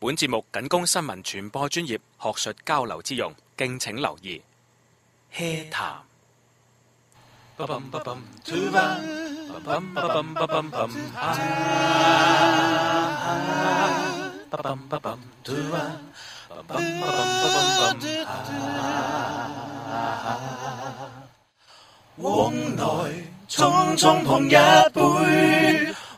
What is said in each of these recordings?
本節目僅供新聞傳播專業，學術交流之用，敬請留意。嘿談。往來匆匆碰一杯。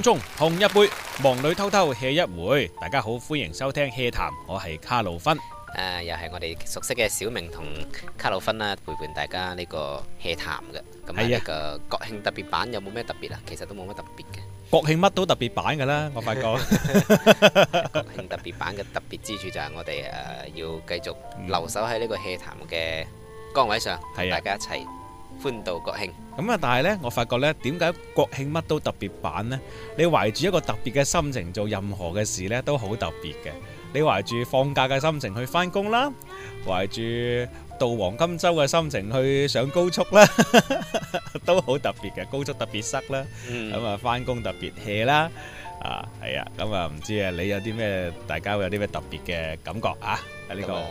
匆匆碰一杯，忙裡偷偷 hea 一回。大家好，歡迎收聽 hea 談，我係卡路芬。誒，又係我哋熟悉嘅小明同卡路芬啦，陪伴大家呢個 hea 談嘅。係啊。咁啊，呢個國慶特別版有冇咩特別啊？其實都冇乜特別嘅。國慶乜都特別版噶啦，我發覺。國慶特別版嘅特別之處就係我哋誒要繼續留守喺呢個 hea 談嘅崗位上，同大家一齊歡度國慶。咁啊！但係咧，我發覺咧，點解國慶乜都特別版咧？你懷住一個特別嘅心情做任何嘅事咧，都好特別嘅。你懷住放假嘅心情去翻工啦，懷住到黃金週嘅心情去上高速啦，都好特別嘅。高速特別塞啦，咁啊翻工特別 hea 啦，啊係啊，咁啊唔知啊你有啲咩？大家會有啲咩特別嘅感覺啊？係呢個。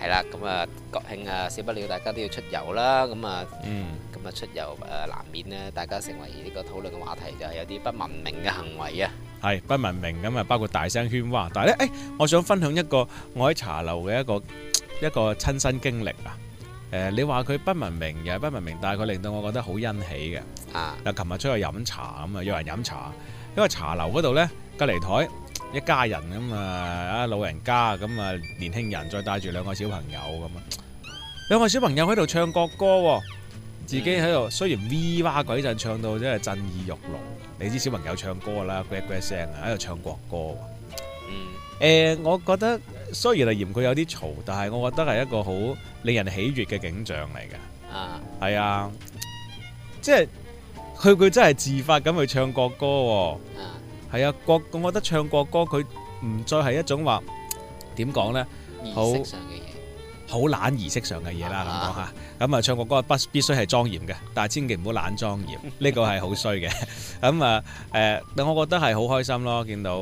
係啦，咁啊國慶啊，少不了大家都要出遊啦。咁啊，嗯，咁啊出遊誒難免咧，大家成為呢個討論嘅話題就係有啲不文明嘅行為啊。係不文明，咁啊，包括大聲喧譁。但係咧，誒，我想分享一個我喺茶樓嘅一個一個親身經歷啊。誒，你話佢不文明又係不文明，但係佢令到我覺得好欣喜嘅。啊，嗱，琴日出去飲茶咁啊，約人飲茶，因為茶樓嗰度咧，隔離枱。一家人咁啊，啊老人家咁啊，年輕人再帶住兩個小朋友咁啊，兩個小朋友喺度唱國歌，自己喺度、mm hmm. 雖然咪哇鬼陣唱到真係震耳欲聾，你知小朋友唱歌啦，呱呱聲啊喺度唱國歌。嗯。誒、mm hmm. 呃，我覺得雖然係嫌佢有啲嘈，但係我覺得係一個好令人喜悦嘅景象嚟嘅。Uh huh. 啊。係啊。即係佢佢真係自發咁去唱國歌。啊、uh。Huh. 係啊，國，我覺得唱國歌佢唔再係一種話點講咧，儀式上嘅嘢，好懶儀式上嘅嘢啦。咁講吓，咁啊唱國歌不必須係莊嚴嘅，但係千祈唔好懶莊嚴，呢個係好衰嘅。咁啊誒，我覺得係好開心咯，見到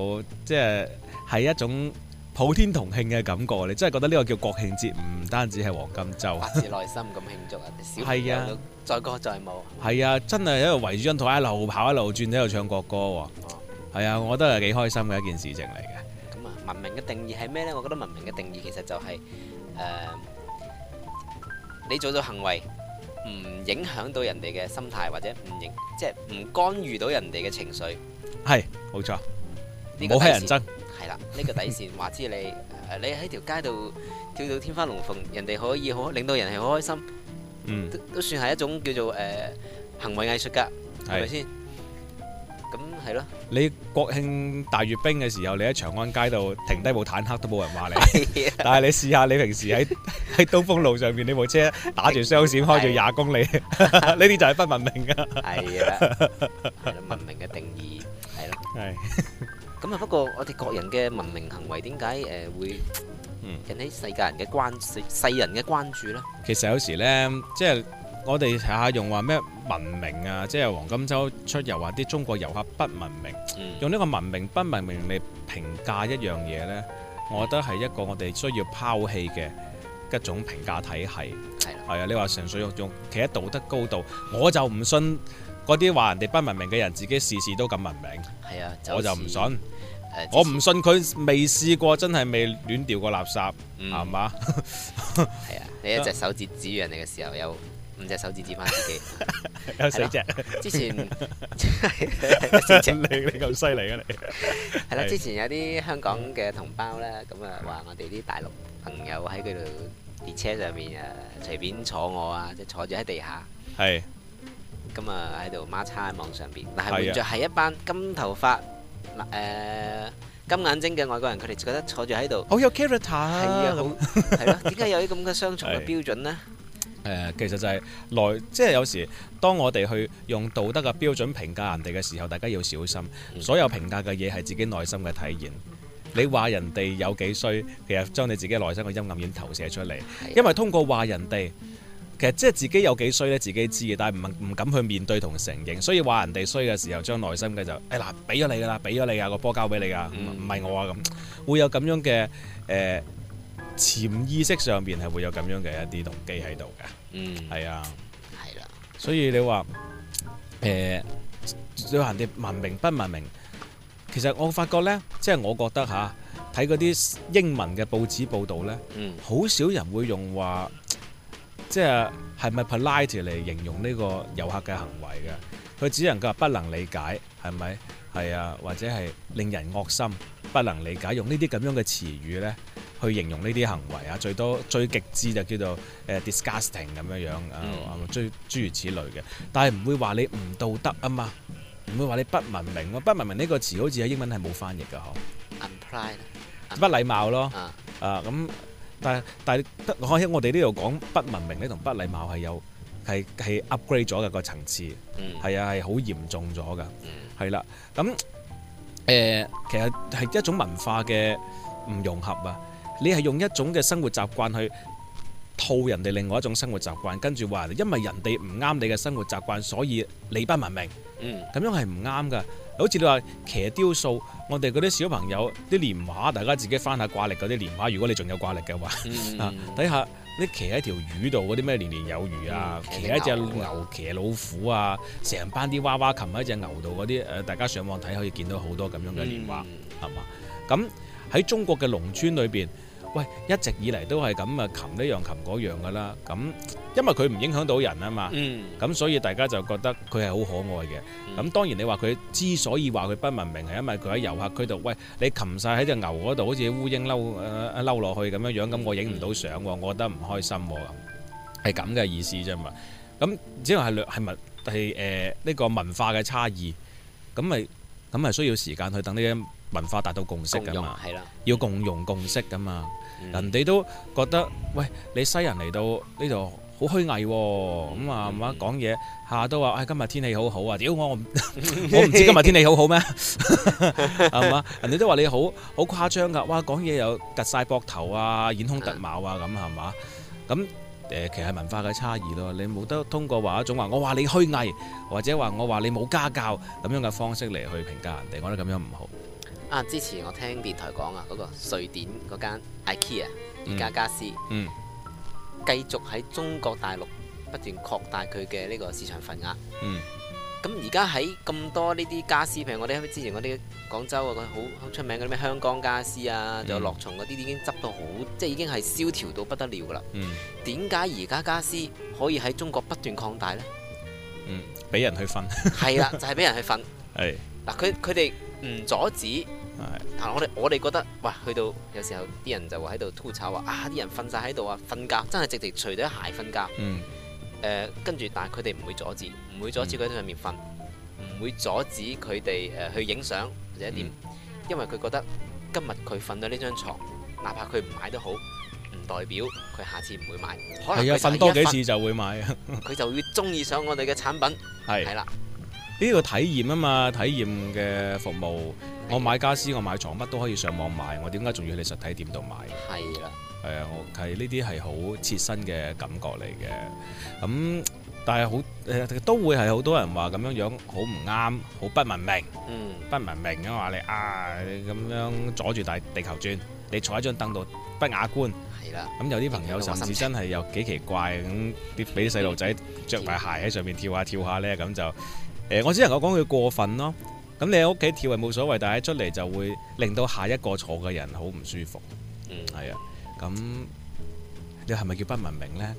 即係係一種普天同慶嘅感覺。你真係覺得呢個叫國慶節，唔單止係黃金週，還內心咁慶祝啊！小係啊，載歌載舞。係啊，真係喺度圍住張台一路跑一路轉，喺度唱國歌喎。係啊，我覺得係幾開心嘅一件事情嚟嘅。咁啊，文明嘅定義係咩呢？我覺得文明嘅定義其實就係誒，你做咗行為唔影響到人哋嘅心態或者唔影，即係唔干預到人哋嘅情緒。係，冇錯。冇係人憎。係啦，呢個底線話之你，你喺條街度跳到天花龍鳳，人哋可以好，令到人係好開心。嗯，都都算係一種叫做誒行為藝術噶，係咪先？咁係咯，你國慶大閱兵嘅時候，你喺長安街度停低部坦克都冇人話你，但係你試下你平時喺喺東風路上面，你部車打住雙閃開住廿公里，呢啲就係不文明噶。係啊，文明嘅定義係咯。係，咁啊不過我哋國人嘅文明行為點解誒會嗯引起世界人嘅關世世人嘅關注咧？其實有時咧即係。我哋睇下用話咩文明啊，即係黃金週出遊話啲中國遊客不文明，嗯、用呢個文明不文明嚟評價一樣嘢呢，我覺得係一個我哋需要拋棄嘅一種評價體系。係啊，啊，你話純粹用用企喺道德高度，我就唔信嗰啲話人哋不文明嘅人，自己事事都咁文明。係啊，就是、我就唔信。呃就是、我唔信佢未試過真係未亂掉過垃圾，係嘛？係啊，你一隻手指指人哋嘅時候有，五隻手指指翻自己， 有四隻者。之前 個 你你咁犀利啊！你係啦， 之前有啲香港嘅同胞啦，咁啊話我哋啲大陸朋友喺佢度列車上面啊，隨便坐我啊，即係坐住喺地下。係咁啊，喺度孖叉喺網上邊，但係換著係一班金頭髮嗱誒、呃、金眼睛嘅外國人，佢哋覺得坐住喺度好有 character 啊，係啊，好係咯，點解有啲咁嘅雙重嘅標準呢？ 誒、呃，其實就係內，即係有時，當我哋去用道德嘅標準評價人哋嘅時候，大家要小心。所有評價嘅嘢係自己內心嘅體驗。你話人哋有幾衰，其實將你自己內心嘅陰暗面投射出嚟。因為通過話人哋，其實即係自己有幾衰咧，自己知嘅，但係唔唔敢去面對同承認。所以話人哋衰嘅時候，將內心嘅就，誒、哎、嗱，俾咗你噶啦，俾咗你啊，個波交俾你啊，唔唔係我啊咁，會有咁樣嘅誒。呃潛意識上邊係會有咁樣嘅一啲動機喺度嘅，嗯，係啊，係啦的，所以你話誒，旅行哋文明不文明，其實我發覺呢，即係我覺得吓，睇嗰啲英文嘅報紙報導呢，嗯，好少人會用話，即係係咪 polite 嚟形容呢個遊客嘅行為嘅，佢只能夠不能理解係咪？係啊，或者係令人惡心，不能理解用呢啲咁樣嘅詞語呢。去形容呢啲行為啊，最多最極之就叫做誒、uh, disgusting 咁樣樣、mm. 啊，啊，諸諸如此類嘅。但係唔會話你唔道德啊嘛，唔會話你不文明咯。不文明呢個詞好似喺英文係冇翻譯㗎呵。pl 不禮貌咯啊咁、啊嗯，但係但係，開、啊、始我哋呢度講不文明咧，同不禮貌係有係係 upgrade 咗嘅個層次，係、mm. 啊係好嚴重咗㗎，係啦咁誒，其實係一種文化嘅唔融合啊。你係用一種嘅生活習慣去套人哋另外一種生活習慣，跟住話，因為人哋唔啱你嘅生活習慣，所以你不文明。嗯，咁樣係唔啱㗎。好似你話騎雕塑，我哋嗰啲小朋友啲年畫，大家自己翻下掛歷嗰啲年畫。如果你仲有掛歷嘅話，嗯、啊，底下你騎喺條魚度嗰啲咩年年有餘啊，嗯、騎喺隻牛，牛、牛、騎老虎啊，成班啲娃娃琴喺隻牛度嗰啲誒，大家上網睇可以見到好多咁樣嘅年畫，係嘛、嗯？咁喺、嗯嗯、中國嘅農村裏邊。嗯喂，一直以嚟都係咁啊，擒呢樣擒嗰樣噶啦，咁因為佢唔影響到人啊嘛，咁、嗯、所以大家就覺得佢係好可愛嘅。咁、嗯、當然你話佢之所以話佢不文明，係因為佢喺遊客區度，喂，你擒晒喺隻牛嗰度，好似烏蠅撈誒撈落去咁樣樣，咁我影唔到相，我覺得唔開心咁，係咁嘅意思啫嘛。咁只係係咪係誒呢個文化嘅差異，咁咪咁咪需要時間去等呢。文化達到共識噶嘛，係啦，要共融共識噶嘛。嗯、人哋都覺得，嗯、喂，你西人嚟到呢度好虛偽，啊，咁啊嘛講嘢，下都話，唉、哎，今日天，天氣好好啊，屌我我唔， 我唔知今日天，天氣好好咩，係 嘛？ 人哋都話你好好誇張㗎，哇，講嘢又揼晒膊頭啊，演兇突矛啊咁係嘛？咁誒、嗯嗯，其實文化嘅差異咯，你冇得通過話一種話我話你虛偽，或者話我話你冇家教咁樣嘅方式嚟去評價人哋，我覺得咁樣唔好。啊！之前我聽電台講啊，嗰、那個瑞典嗰間 IKEA 宜家 kea，家私，繼、嗯、續喺中國大陸不斷擴大佢嘅呢個市場份額。咁而、嗯、家喺咁多呢啲家私，譬如我哋之前嗰啲廣州啊，個好好出名嘅咩香港家私啊，仲有樂從嗰啲，已經執到好，即係已經係蕭條到不得了㗎喇。點解而家家私可以喺中國不斷擴大咧？嗯，俾人去瞓。係 啦， 就係、是、俾人去瞓。係嗱，佢佢哋唔阻止。 h h 啊！但我哋我哋覺得，喂，去到有時候啲人就會喺度吐槽話，啊啲人瞓晒喺度啊，瞓覺真係直直除咗鞋瞓覺。覺嗯。誒、呃，跟住但係佢哋唔會阻止，唔會阻止佢喺上面瞓，唔、嗯、會阻止佢哋誒去影相或者點，嗯、因為佢覺得今日佢瞓咗呢張床，哪怕佢唔買都好，唔代表佢下次唔會買。係啊，瞓多幾次就會買佢 就會中意上我哋嘅產品。係。係啦。呢個體驗啊嘛，體驗嘅服務。的我買傢俬，我買床乜都可以上網買。我點解仲要去你實體店度買？係啦的。係啊、哎，我係呢啲係好切身嘅感覺嚟嘅。咁、嗯、但係好誒，都會係好多人話咁樣樣好唔啱，好不，不文明。嗯。不文明嘅話、啊，你啊你咁樣阻住大地球轉，你坐喺張凳度不雅觀。係啦的。咁、嗯、有啲朋友甚至真係又幾奇怪咁，啲俾細路仔着埋鞋喺上面跳下跳下咧，咁就～誒，我只能夠講佢過分咯。咁你喺屋企跳係冇所謂，但係出嚟就會令到下一個坐嘅人好唔舒服。嗯，係啊。咁你係咪叫不文明咧？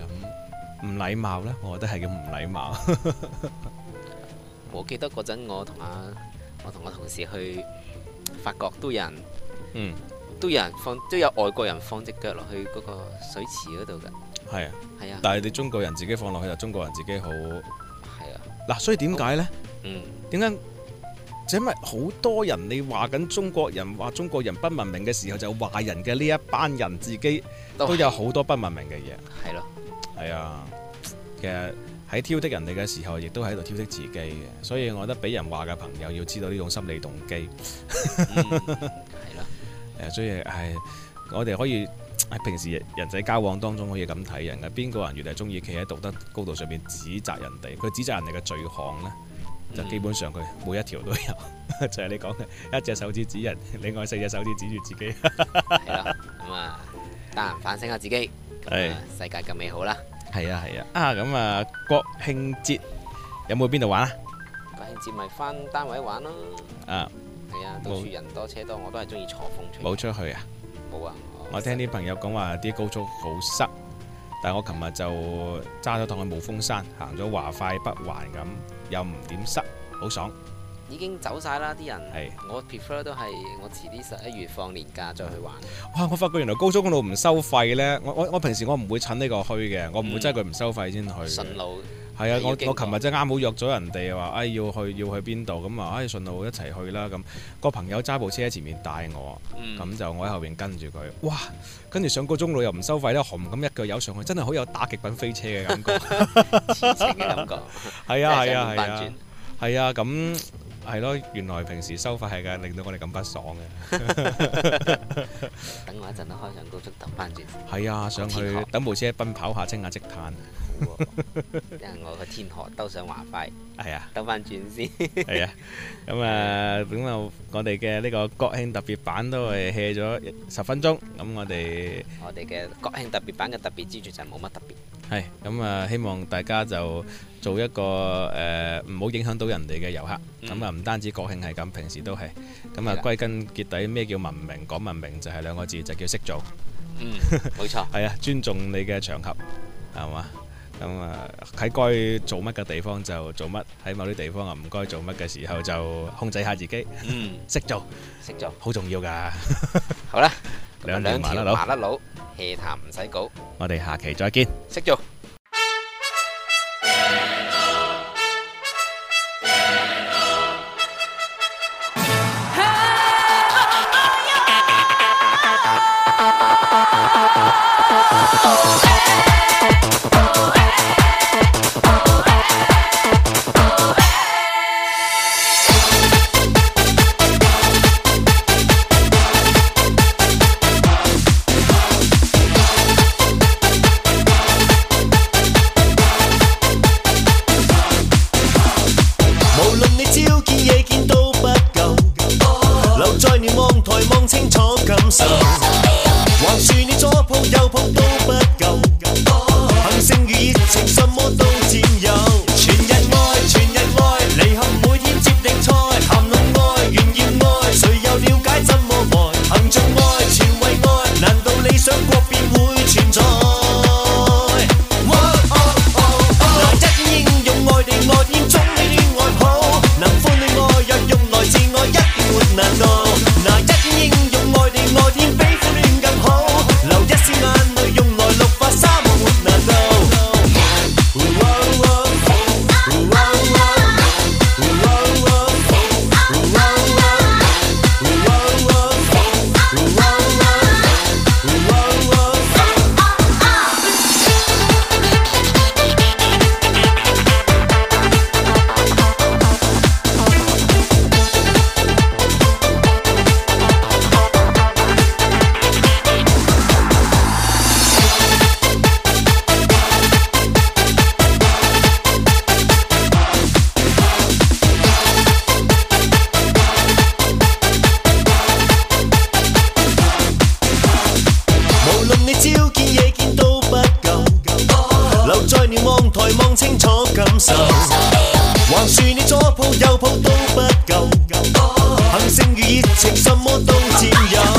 咁唔禮貌咧？我覺得係叫唔禮貌。 我記得嗰陣、啊，我同啊我同我同事去法國，都有人，嗯，都有人放，都有外國人放隻腳落去嗰個水池嗰度㗎。係啊，係啊。但係你中國人自己放落去就中國人自己好。嗱，所以點解呢？點解，嗯？就是，因為好多人你話緊中國人，話中國人不文明嘅時候，就話人嘅呢一班人自己都有好多不文明嘅嘢。係咯，係啊，其實喺挑剔人哋嘅時候，亦都喺度挑剔自己嘅，所以我覺得俾人話嘅朋友要知道呢種心理動機。係 咯，嗯，所以係我哋可以。平時人際交往當中可以咁睇人嘅，邊個人越係中意企喺道德高度上面指責人哋，佢指責人哋嘅罪行呢，就基本上佢每一條都有，嗯、 就係你講嘅一隻手指指人，另外四隻手指指住自己。係咯，咁啊，得、嗯、閒、啊、反省下自己，嗯啊、是世界咁美好啦。係啊係啊，啊咁啊國慶節有冇去邊度玩啊？國慶節咪返單位玩咯。啊，係啊，到處、啊、人多車多，我都係中意坐風吹。冇出去啊？冇啊。我聽啲朋友講話啲高速好塞，但係我琴日就揸咗趟去帽峰山，行咗華快北環咁，又唔點塞，好爽。已經走晒啦啲人。係是，我 prefer 都係我遲啲十一月放年假再去玩。哇！我發覺原來高速公路唔收費咧，我我我平時我唔會趁呢個墟嘅，我唔會真係佢唔收費先去。順路、嗯。係啊，我我琴日真係啱好約咗人哋話，哎要去要去邊度咁啊，哎順路一齊去啦咁。咁個朋友揸部車喺前面帶我，咁、嗯、就我喺後邊跟住佢。哇，跟住上高中路又唔收費咧，紅咁一腳油上去，真係好有打極品飛車嘅感覺。黐線嘅感覺。係啊係啊係啊。係啊，咁係咯，原來平時收費係嘅，令到我哋咁不爽嘅。 等我一陣開上高速等翻轉。係啊，上去等部車奔跑下，清下積碳。因為我個天河都想劃快，係啊，兜翻轉先，係啊。咁啊，咁啊，我哋嘅呢個國慶特別版都係 hea 咗十分鐘。咁我哋我哋嘅國慶特別版嘅特別之處就係冇乜特別。係咁啊，希望大家就做一個誒，唔好影響到人哋嘅遊客。咁啊，唔單止國慶係咁，平時都係。咁啊，歸根結底咩叫文明？講文明就係兩個字，就叫識做。嗯，冇錯。係啊，尊重你嘅場合，係嘛？咁啊，喺、嗯、該做乜嘅地方就做乜，喺某啲地方啊唔該做乜嘅時候就控制下自己。嗯， 識做，識做，好重要㗎。 好啦了， 兩條麻甩佬， 麻甩佬。戲談唔使講。我哋下期再見。識做。熱情，什麼都佔有。